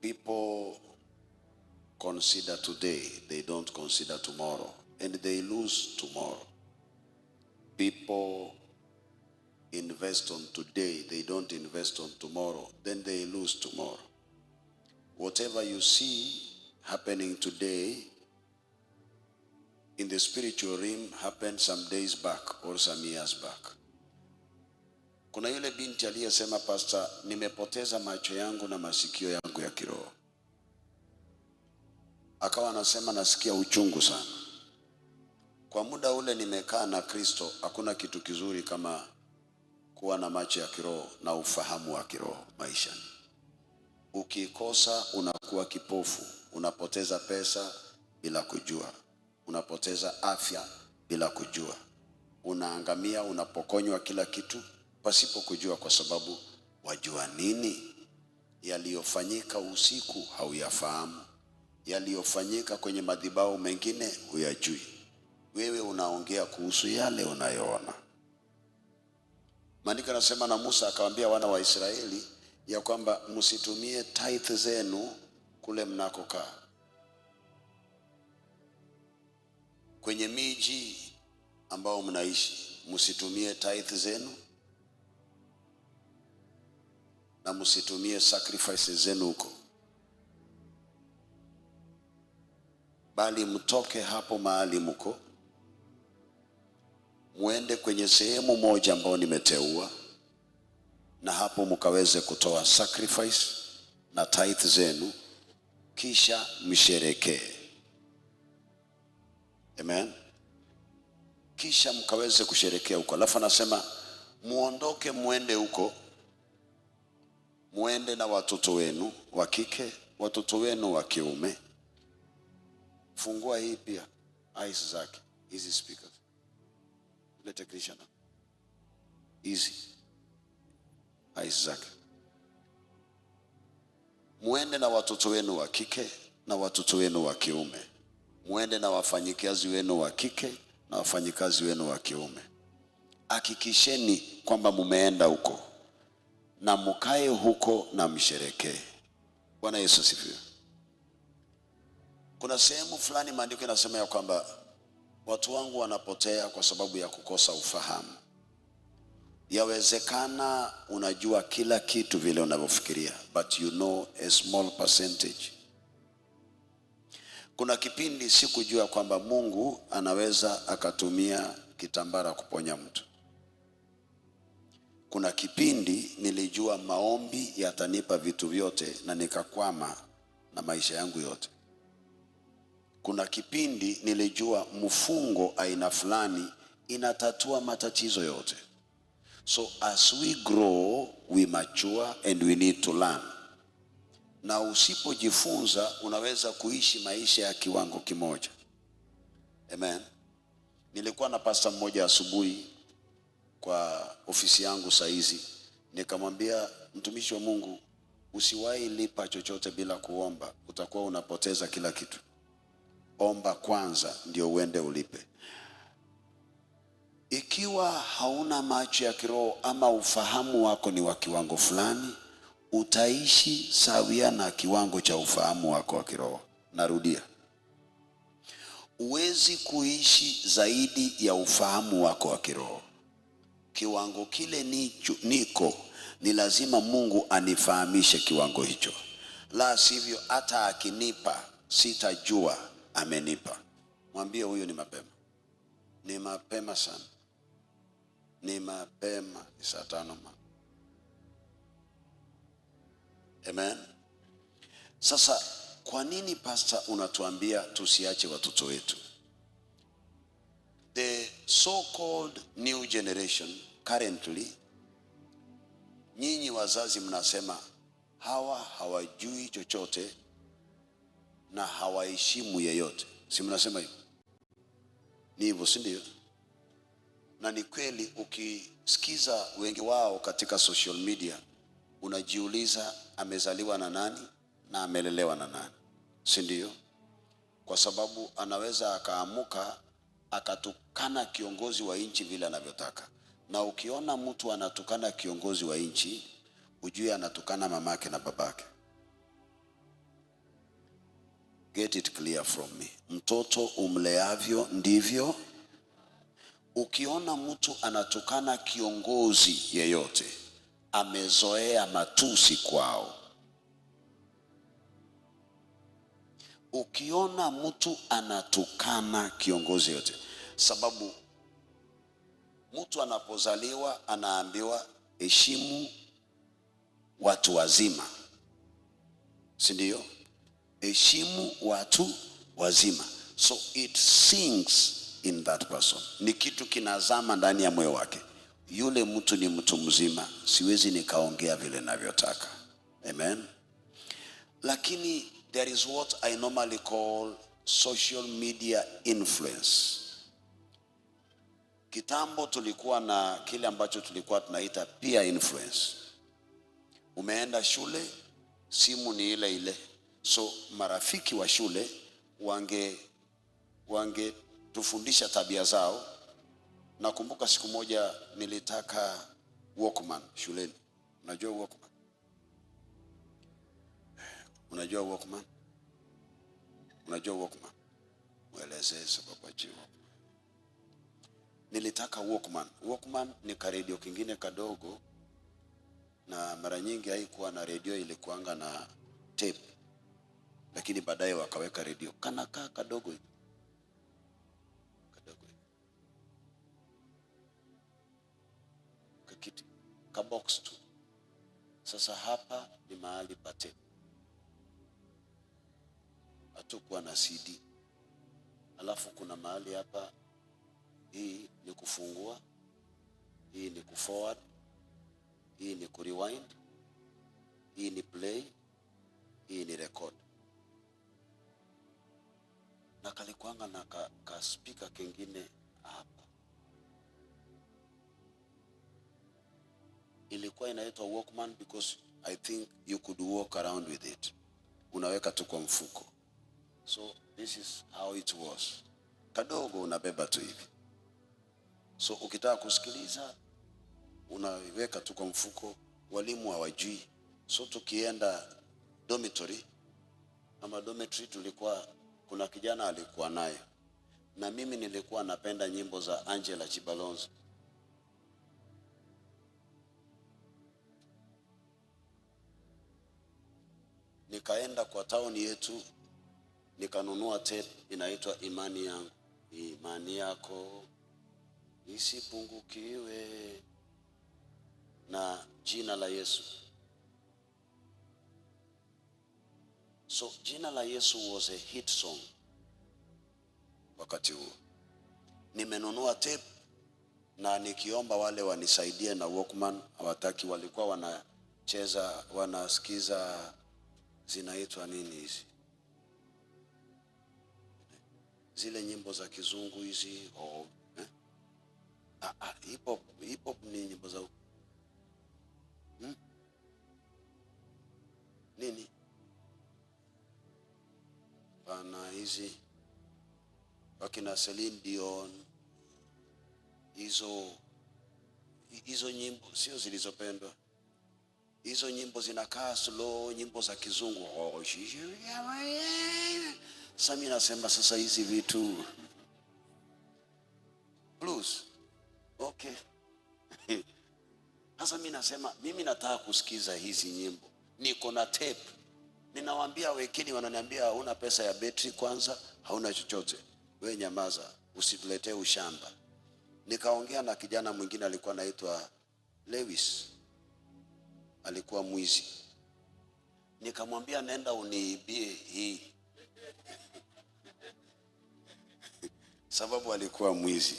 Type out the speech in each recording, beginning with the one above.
people consider today, they don't consider tomorrow, and they lose tomorrow. People invest on today, they don't invest on tomorrow, then they lose tomorrow. Whatever you see happening today in the spiritual realm happened some days back or some years back. Kuna yule binti aliyesema, Pasta, nimepoteza macho yangu na masikio yangu ya kiroho. Akawa anasema nasikia uchungu sana. Kwa muda ule nimekaa na Kristo, hakuna kitu kizuri kama kuwa na macho ya kiroho na ufahamu wa kiroho maishani. Ukikosa unakuwa kipofu, unapoteza pesa bila kujua, unapoteza afya bila kujua, unaangamia, unapokonywa kila kitu pasipo kujua, kwa sababu wajua nini? Yaliyofanyika usiku hauyafahamu, yaliyofanyika kwenye madhibao mengine huyajui. Wewe unaongea kuhusu yale unayoona. Maandiko anasema, na Musa akawaambia wana wa Israeli ya kwamba msitumie tithe zenu kule mnakokaa kwenye miji ambao mnaishi, msitumie tithe zenu na msitumie sacrifices zenu huko, bali mtoke hapo mahali mko, mwende kwenye sehemu moja ambayo nimeteua, na hapo mkaweze kutoa sacrifice na tithe zenu, kisha msherekee. Amen, kisha mkaweze kusherekea huko. Alafu anasema muondoke, mwende huko mwende na watoto wenu wa kike, watoto wenu wa kiume. Fungua hii pia eyes zake hizi speakers, Ile technician hizi eyes zake, mwende na watoto wenu wa kike na watoto wenu wa kiume, mwende na wafanyikazi wenu wa kike na wafanyikazi wenu wa kiume. Hakikisheni kwamba mumeenda huko na mkae huko na msherekee. Bwana Yesu asifiwe. Kuna sehemu fulani maandiko inasema ya kwamba watu wangu wanapotea kwa sababu ya kukosa ufahamu. Yawezekana unajua kila kitu vile unavyofikiria, but you know a small percentage. Kuna kipindi sikujua kwamba Mungu anaweza akatumia kitambara kuponya mtu kuna kipindi nilijua maombi yatanipa vitu vyote na nikakwama na maisha yangu yote. Kuna kipindi nilijua mfungo aina fulani inatatua matatizo yote. So as we grow we mature and we need to learn. Na usipojifunza unaweza kuishi maisha ya kiwango kimoja. Amen. Nilikuwa na pasta mmoja asubuhi kwa ofisi yangu saa hizi, nikamwambia mtumishi wa Mungu, usiwahi lipa chochote bila kuomba, utakuwa unapoteza kila kitu. Omba kwanza ndio uende ulipe. Ikiwa hauna macho ya kiroho ama ufahamu wako ni wa kiwango fulani, utaishi sawia na kiwango cha ufahamu wako wa kiroho. Narudia, huwezi kuishi zaidi ya ufahamu wako wa kiroho kiwango kile nicho, niko ni lazima Mungu anifahamishe kiwango hicho, la sivyo hata akinipa sitajua amenipa. Mwambie huyu ni mapema, ni mapema sana, ni mapema, ni saa tano ma amen. Sasa kwa nini pasta, unatuambia tusiache watoto wetu? the so-called new generation currently, nyinyi wazazi mnasema hawa hawajui chochote na hawaheshimu yeyote, si mnasema hivyo? Ni hivyo, si ndio? Na ni kweli, ukisikiza wengi wao katika social media unajiuliza amezaliwa na nani na amelelewa na nani, si ndio? Kwa sababu anaweza akaamuka akatukana kiongozi wa nchi vile anavyotaka. Na ukiona mtu anatukana kiongozi wa nchi, ujue anatukana mamake na babake. Get it clear from me. Mtoto umleavyo ndivyo. Ukiona mtu anatukana kiongozi yeyote, amezoea matusi kwao Ukiona mtu anatukana kiongozi yote, sababu mtu anapozaliwa anaambiwa heshimu watu wazima, si ndio? Heshimu watu wazima, so it sinks in that person, ni kitu kinazama ndani ya moyo wake. Yule mtu ni mtu mzima, siwezi nikaongea vile navyotaka. Amen, lakini there is what I normally call social media influence. Kitambo tulikuwa na kile ambacho tulikuwa tunaita peer influence. Umeenda shule, simu ni ile ile, so marafiki wa shule wange wangetufundisha tabia zao. Nakumbuka siku moja nilitaka Walkman shuleni, unajua Walkman Unajua Walkman? Unajua Walkman? Mwelezee sababu ajue Nilitaka Walkman. Walkman ni karedio kingine kadogo, na mara nyingi haikuwa na redio, ilikuanga na tape, lakini baadaye wakaweka redio. Kanakaa kadogo hivi kadogo hivi kakiti kabox tu. Sasa hapa ni mahali pa tape hatukuwa na CD. Alafu kuna mahali hapa, hii ni kufungua, hii ni kuforward, hii ni kurewind, hii ni play, hii ni record. Na kalikwanga na ka, ka speaker kengine hapa, ilikuwa inaitwa Walkman because I think you could walk around with it, unaweka tu kwa mfuko. So this is how it was. Kadogo unabeba tu hivi. So ukitaka kusikiliza unaiweka tu kwa mfuko, walimu hawajui. So tukienda dormitory ama dormitory, tulikuwa kuna kijana alikuwa naye na mimi nilikuwa napenda nyimbo za Angela Chibalonzo. Nikaenda kwa tauni yetu nikanunua tape inaitwa Imani Yangu. Imani yako isipungukiwe na jina la Yesu. So jina la Yesu was a hit song wakati huo. Nimenunua tape na nikiomba wale wanisaidie na Walkman, hawataki. Walikuwa wanacheza wanasikiza, zinaitwa nini hizi zile nyimbo za kizungu hizi oh, eh? ah, ah, hip hop, hip hop ni nyimbo za hmm? nini pana hizi wakina Celine Dion hizo hizo nyimbo sio zilizopendwa hizo nyimbo zinakaa slow, nyimbo za kizungu oh, Sami nasema sasa hizi vitu blues. Okay. Sasa mimi nasema mimi nataka kusikiza hizi nyimbo, niko na tape. Ninawaambia wekini, wananiambia hauna pesa ya betri, kwanza hauna chochote, we nyamaza, usituletee ushamba. Nikaongea na kijana mwingine alikuwa anaitwa Lewis, alikuwa mwizi, nikamwambia nenda uniibie hii sababu alikuwa mwizi.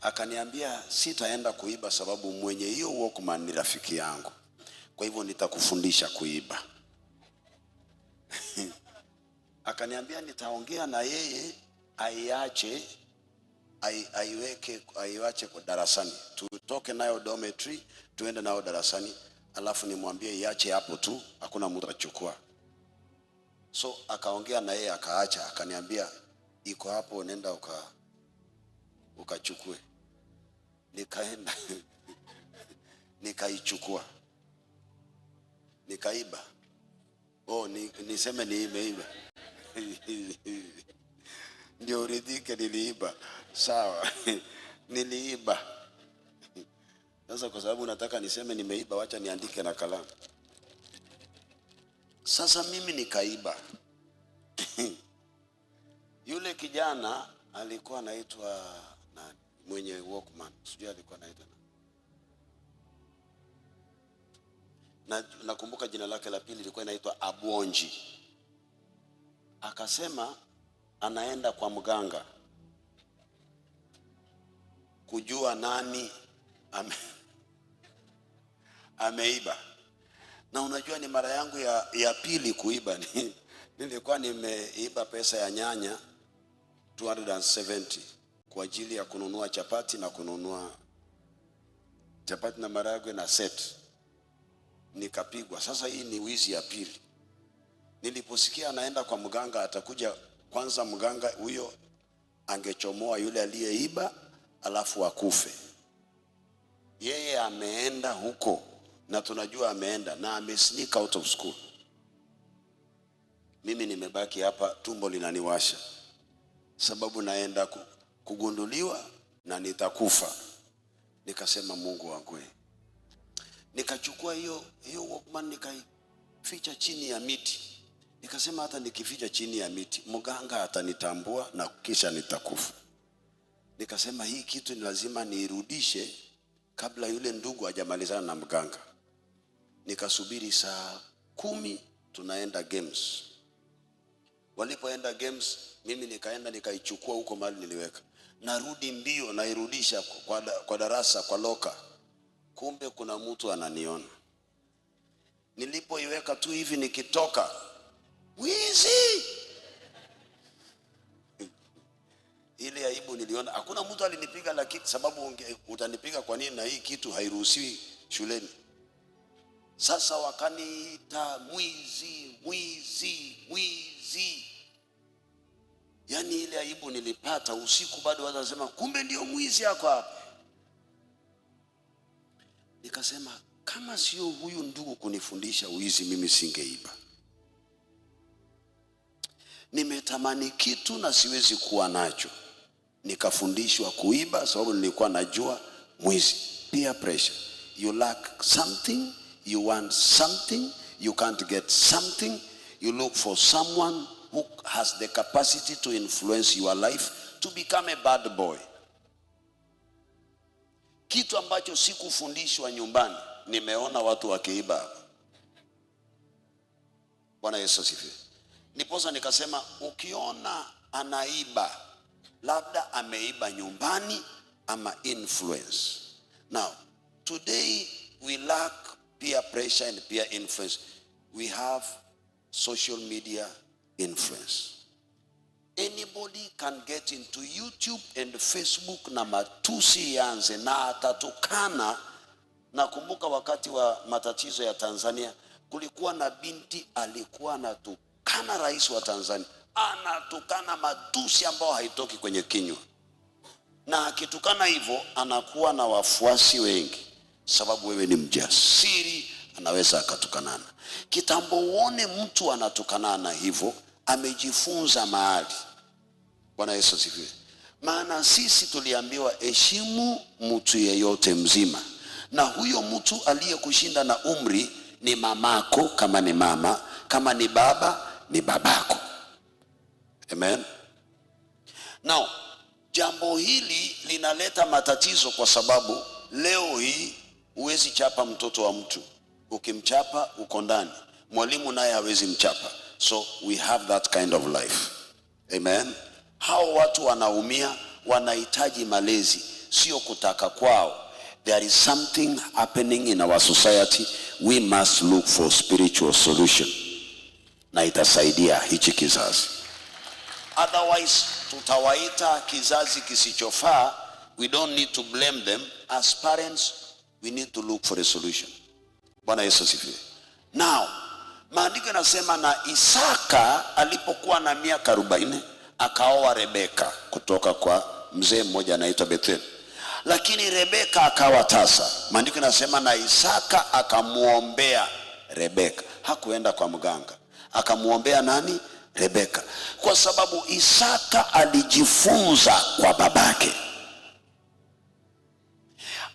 Akaniambia sitaenda kuiba, sababu mwenye hiyo Walkman ni rafiki yangu, kwa hivyo nitakufundisha kuiba. Akaniambia nitaongea na yeye aiache, aiweke, aiwache kwa darasani, tutoke nayo dormitory, tuende nayo darasani, alafu nimwambie iache hapo tu, hakuna mtu atachukua. So akaongea na yeye akaacha, akaniambia iko hapo, nenda uka ukachukue. Nikaenda nikaichukua, nikaiba. Oh, ni, niseme ni imeiba ndio uridhike, niliiba. Sawa, niliiba. Sasa kwa sababu nataka niseme nimeiba, wacha niandike na kalamu. Sasa mimi nikaiba yule kijana alikuwa anaitwa nani? Mwenye Walkman sijui alikuwa anaitwa na nakumbuka jina lake la pili lilikuwa inaitwa Abwonji. Akasema anaenda kwa mganga kujua nani ame, ameiba. Na unajua ni mara yangu ya, ya pili kuiba nilikuwa nimeiba pesa ya nyanya 270 kwa ajili ya kununua chapati na kununua chapati na maragwe na set. Nikapigwa. Sasa hii ni wizi ya pili. Niliposikia anaenda kwa mganga, atakuja kwanza, mganga huyo angechomoa yule aliyeiba, alafu akufe. Yeye ameenda huko na tunajua ameenda na ame out of school. Mimi nimebaki hapa, tumbo linaniwasha sababu naenda kugunduliwa na nitakufa. Nikasema Mungu wangu, nikachukua hiyo hiyo Walkman nikaificha chini ya miti, nikasema hata nikificha chini ya miti mganga atanitambua na kisha nitakufa. Nikasema hii kitu ni lazima niirudishe kabla yule ndugu hajamalizana na mganga. Nikasubiri saa kumi tunaenda games Walipoenda games, mimi nikaenda nikaichukua huko mahali niliweka, narudi mbio, nairudisha kwa, kwa darasa kwa loka, kumbe kuna mtu ananiona. Nilipoiweka tu hivi nikitoka, wizi ile aibu niliona. Hakuna mtu alinipiga, lakini sababu unge, utanipiga kwa nini? Na hii kitu hairuhusiwi shuleni. Sasa wakaniita mwizi, mwizi, mwizi. Yaani ile aibu nilipata usiku, bado wanasema kumbe ndio mwizi yako hapa. Nikasema kama sio huyu ndugu kunifundisha wizi, mimi singeiba. Nimetamani kitu na siwezi kuwa nacho, nikafundishwa kuiba sababu nilikuwa najua mwizi. Peer pressure, you lack something You want something, you can't get something. You look for someone who has the capacity to influence your life to become a bad boy. Kitu ambacho sikufundishwa nyumbani, nimeona watu wakiiba Bwana Yesu asifiwe. Niposa nikasema ukiona anaiba, labda ameiba nyumbani ama influence. Now, today we lack peer pressure and peer influence. We have social media influence. Anybody can get into YouTube and Facebook na matusi yanze na atatukana. Nakumbuka wakati wa matatizo ya Tanzania kulikuwa na binti alikuwa anatukana rais wa Tanzania, anatukana matusi ambayo haitoki kwenye kinywa, na akitukana hivyo anakuwa na wafuasi wengi sababu wewe ni mjasiri, anaweza akatukanana. Kitambo uone mtu anatukanana hivyo, amejifunza mahali. Bwana Yesu asifiwe. Maana sisi tuliambiwa heshimu mtu yeyote mzima, na huyo mtu aliyekushinda na umri ni mamako, kama ni mama, kama ni baba, ni babako. Amen. Now jambo hili linaleta matatizo kwa sababu leo hii Huwezi chapa mtoto wa mtu, ukimchapa uko ndani. Mwalimu naye hawezi mchapa. So we have that kind of life. Amen. Hao watu wanaumia, wanahitaji malezi, sio kutaka kwao. There is something happening in our society. We must look for spiritual solution, na itasaidia hichi kizazi. Otherwise tutawaita kizazi kisichofaa. We don't need to blame them as parents we need to look for a solution. Bwana Yesu asifiwe. Now maandiko yanasema na Isaka alipokuwa na miaka 40 akaoa Rebeka kutoka kwa mzee mmoja anaitwa Bethel, lakini Rebeka akawa tasa. Maandiko yanasema na Isaka akamwombea Rebeka, hakuenda kwa mganga, akamwombea nani? Rebeka, kwa sababu Isaka alijifunza kwa babake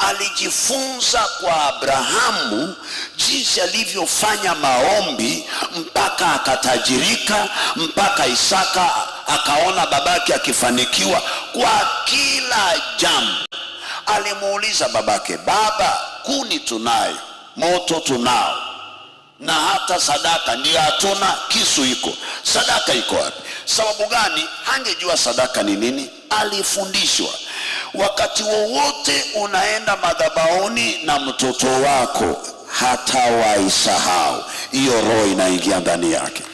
alijifunza kwa Abrahamu jinsi alivyofanya maombi mpaka akatajirika, mpaka Isaka akaona babake akifanikiwa kwa kila jambo. Alimuuliza babake, baba, kuni tunayo, moto tunao, na hata sadaka ndiyo hatuna, kisu iko, sadaka iko wapi? Sababu gani? Angejua sadaka ni nini, alifundishwa Wakati wowote unaenda madhabahuni na mtoto wako hatawaisahau hiyo roho, inaingia ndani yake.